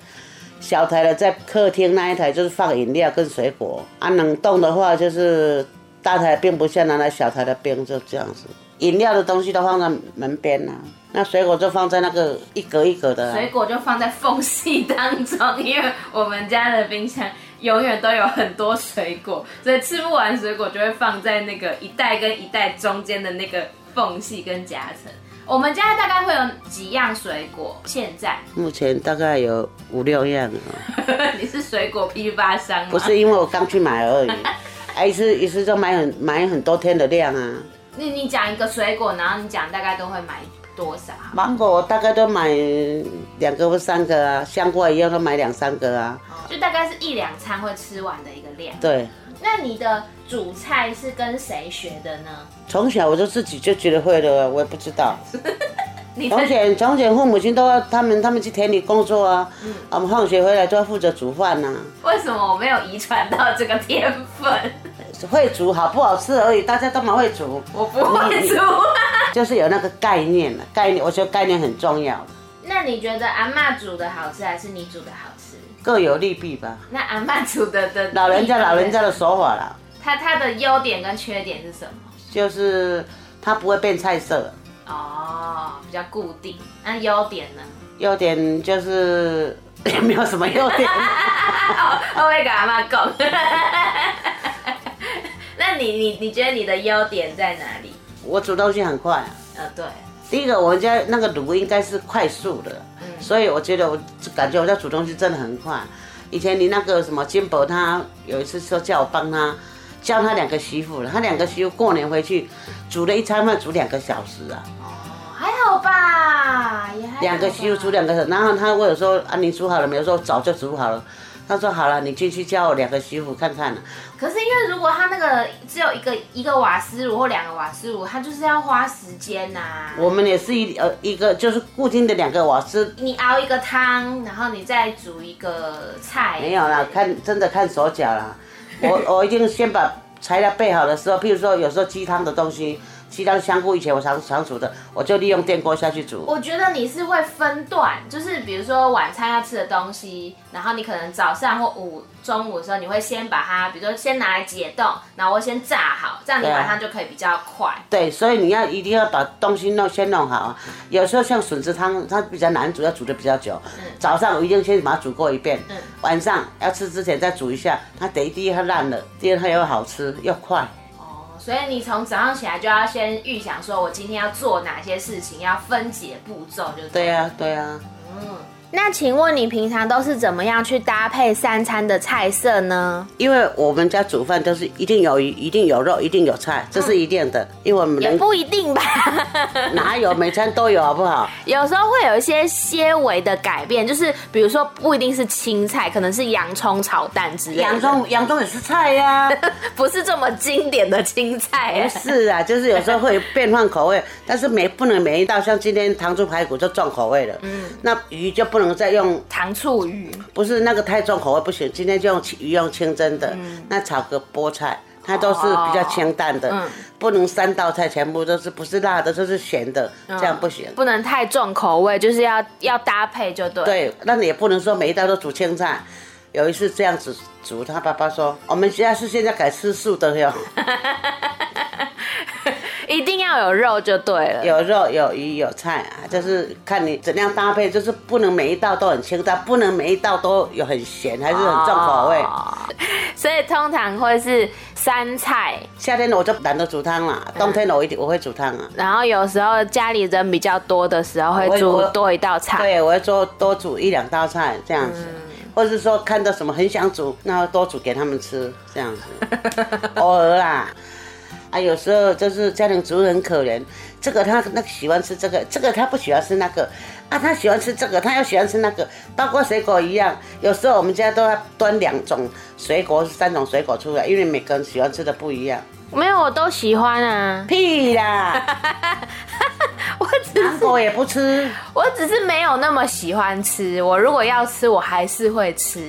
小台的在客廳那一台就是放飲料跟水果。啊，冷凍的話就是大台並不像那那小台的冰就這樣子。飲料的東西都放在門邊呢、啊，那水果就放在那個一格一格的、啊。水果就放在縫隙當中，因為我們家的冰箱永遠都有很多水果，所以吃不完水果就會放在那個一袋跟一袋中間的那個。縫隙跟夾層。我們家大概會有幾樣水果？現在目前大概有五六樣啊、喔。 你是水果批發商嗎？不是，因為我剛去買而已。哎、 啊,是一次就買很買很多天的量啊。你你講一個水果，然後你講大概都會買多少？芒果我大概都買兩個或三個啊，香瓜一樣都買兩三個啊，就大概是一兩餐會吃完的一個量。對。那你的主菜是跟誰學的呢？從小我就自己就覺得會了，我也不知道。從 你的 前從前父母親都要他們他們去田裡工作啊，我們、嗯嗯、放學回來就要負責煮飯吶、啊。為什麼我沒有遺傳到這個天分？會煮好不好吃而已，大家都蠻會煮。 我不會煮、啊。就是有那個概念了，概念我覺得概念很重要 那你覺得阿嬤煮的好吃還是你煮的好吃？各有利弊吧。那阿嬤煮的的老人家老人家的手法啦，他他的優點跟缺點是什麼？就是它不會變菜色哦，比較固定。那、啊、優點呢？優點就是也沒有什麼優點，我會跟阿媽講。那你你你覺得你的優點在哪裡？我煮東西很快啊。哦、對啊對。第一個，我們家那個爐應該是快速的，嗯、所以我覺得我感覺我在煮東西真的很快。嗯、以前你那個什麼金伯，他有一次說叫我幫他。叫他兩個媳婦了，他兩個媳婦過年回去煮了一餐飯，煮兩個小時啊。哦，還好吧，也還。兩個媳婦煮兩個小時，然後他我有說啊，你煮好了沒有？說早就煮好了。他說好了，你進去叫我兩個媳婦看看。可是因為如果他那個只有一個一個瓦斯爐或兩個瓦斯爐，他就是要花時間吶。我們也是一呃一個就是固定的兩個瓦斯。你熬一個湯，然後你再煮一個菜。沒有啦，看真的看手腳啦。 我我已經先把材料備好的時候，譬如說有時候雞湯的東西。雞蛋香菇以前我常常煮的，我就利用電鍋下去煮。我覺得你是會分段，就是比如說晚餐要吃的東西，然後你可能早上或午中午的時候，你會先把它，比如說先拿來解凍，然後我先炸好，這樣你晚上就可以比較快。對啊。對，所以你要一定要把東西弄先弄好。有時候像筍子湯，它比較難煮，要煮得比較久。嗯。早上我一定先把它煮過一遍。嗯。晚上要吃之前再煮一下，它第一它爛了，第二它又好吃又快。所以你從早上起來就要先預想，說我今天要做哪些事情，要分解步驟，就對，對啊，對啊，嗯。那請問你平常都是怎麼樣去搭配三餐的菜色呢？因為我們家煮飯都是一定有魚，一定有肉，一定有菜，這是一定的。嗯、因為我們也不一定吧，哪有每餐都有好不好？ 有時候會有一些些微的改變，就是比如說不一定是青菜，可能是洋蔥炒蛋之類的洋。洋蔥，洋蔥也是菜呀、啊， 不是這麼經典的青菜、啊。不是啊，就是有時候會變換口味，但是沒不能每一道，像今天糖醋排骨就重口味了。嗯，那魚就不。不能再用糖醋魚，不是那個太重口味不行，今天就用魚用清蒸的，嗯、那炒個菠菜。它都是比較清淡的，哦嗯、不能三道菜全部都是不是辣的，就是鹹的，嗯、這樣不行。不能太重口味，就是要要搭配就對。對，那你也不能說每一道都煮青菜。有一次這樣子煮，他爸爸說：“我們家是現在改吃素的喲。” 一定要有肉就對了，有肉有魚有菜啊，就是看你怎樣搭配，就是不能每一道都很清淡，不能每一道都有很鹹，還是很重口味。哦、所以通常會是三菜。夏天我就懶得煮湯了，冬天我一定、嗯、我會煮湯啊。然後有時候家裡人比較多的時候，會煮多一道菜。對，我會做多煮一兩道菜這樣子，嗯、或者是說看到什麼很想煮，那多煮給他們吃這樣子，偶爾 啦。啊、有時候就是家庭主人很可憐，這個他那個喜歡吃這個，這個他不喜歡吃那個啊，他喜歡吃這個，他又喜歡吃那個，包括水果一樣。有時候我們家都要端兩種水果、三種水果出來，因為每個人喜歡吃的不一樣。沒有，我都喜歡啊，屁啦！ 我只是水果也不吃，我只是沒有那麼喜歡吃。我如果要吃，我還是會吃。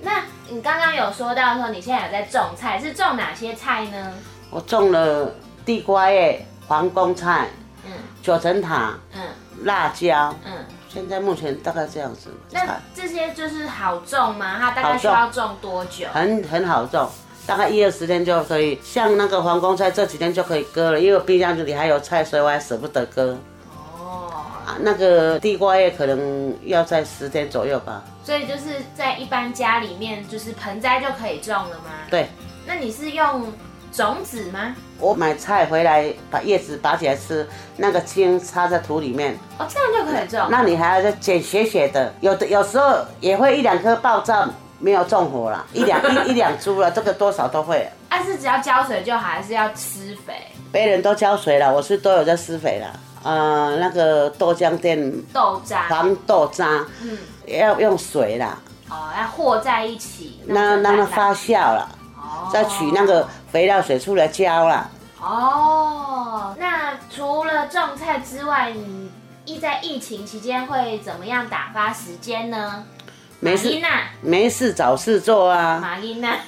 那。你剛剛有說到說你現在有在種菜，是種哪些菜呢？我種了地瓜葉、皇宮菜，嗯，九層塔，嗯，辣椒，嗯，現在目前大概這樣子。那這些就是好種嗎？它大概需要種多久？很很好種，大概一二十天就可以。像那個皇宮菜，這幾天就可以割了，因為冰箱子裡還有菜，所以我還捨不得割。啊、那個地瓜葉可能要在十天左右吧。所以就是在一般家裡面，就是盆栽就可以種了嗎？對。那你是用種子嗎我買菜回來把葉子拔起來吃，那個莖插在土裡面。哦，這樣就可以種。那你還要再剪斜斜的，有的有時候也會一兩顆爆炸，沒有種活了，一兩 一一兩株了，這個多少都會。但、啊、是只要澆水就好，還是要施肥？別人都澆水了，我是都有在施肥了。呃，那個豆漿店豆渣，黃豆渣，嗯，也要用水啦，哦，要和在一起，那讓它發酵了，哦、再取那個肥料水出來澆了。哦，那除了種菜之外，你在疫情期間會怎麼樣打發時間呢？沒事，啊、沒事找事做啊，馬琳娜、啊，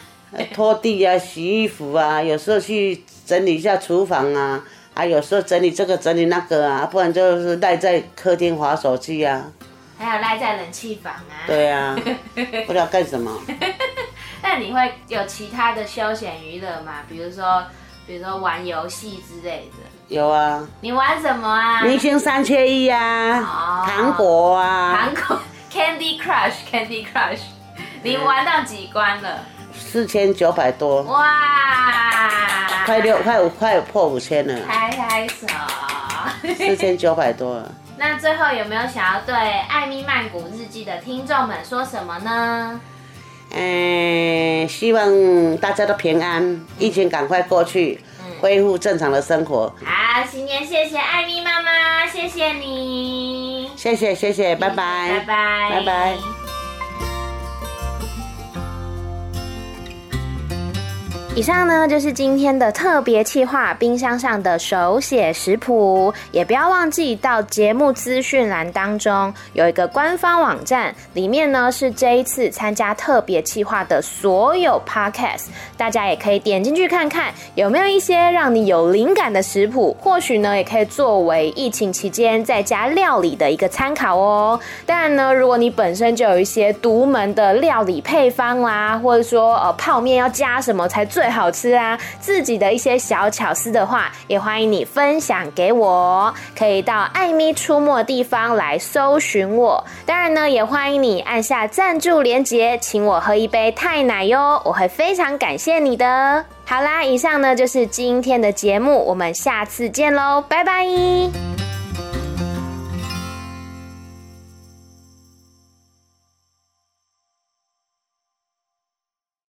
拖地啊， 洗衣服啊，有時候去整理一下廚房啊。啊，有時候整理這個整理那個啊，不然就是賴在客廳滑手機啊，還有賴在冷氣房啊？對啊， 不知道幹什麼。那 你會有其他的休閒娛樂嗎？比如說，比如說玩遊戲之類的。有啊。你玩什麼啊？明星三千一啊，哦、糖果啊，糖果 Candy Crush，Candy Crush，Candy Crush 是你玩到幾關了？四千九百多。哇。快六快五快破五千了，拍拍開手， 四千九百多了。那最後有沒有想要對《艾咪曼谷日記》的聽眾們說什麼呢？嗯、欸，希望大家都平安，疫情趕快過去，嗯、恢復正常的生活。好，新年謝謝艾咪媽媽，謝謝你，謝謝謝謝，拜拜拜拜拜拜。拜拜以上呢就是今天的特別企劃，冰箱上的手寫食譜，也不要忘記到節目資訊欄當中有一個官方網站，裡面呢是這一次參加特別企劃的所有 podcast，大家也可以點進去看看有沒有一些讓你有靈感的食譜，或許呢也可以作為疫情期間在家料理的一個參考哦。當然呢，如果你本身就有一些獨門的料理配方啦，或者說呃泡麵要加什麼才最最好吃啊！自己的一些小巧思的話，也歡迎你分享給我，可以到艾咪出沒的地方來搜尋我。當然呢，也歡迎你按下贊助連結，請我喝一杯泰奶喲，喔，我會非常感謝你的。好啦，以上呢就是今天的節目，我們下次見嘍，拜拜。